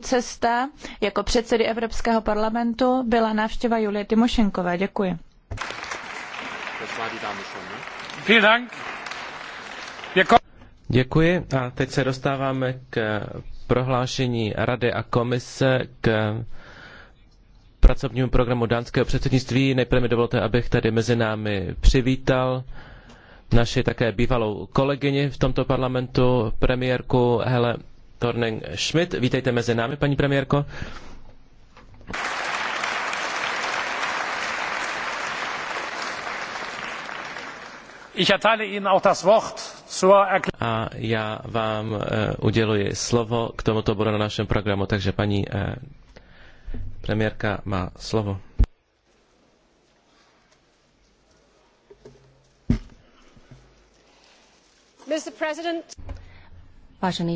cesta jako předsedy Evropského parlamentu byla návštěva Julie Tymošenkové. Děkuji. Jako- Děkuji a teď se dostáváme k prohlášení Rady a komise k pracovnímu programu dánského předsednictví. Nejprve mi dovolte, abych tady mezi námi přivítal naši také bývalou kolegyni v tomto parlamentu, premiérku Hele Torning Schmidt. Vítejte mezi námi, paní premiérko. A já vám eh, uděluji slovo k tomuto bodu na našem programu, takže paní eh, premiérka má slovo. Vážený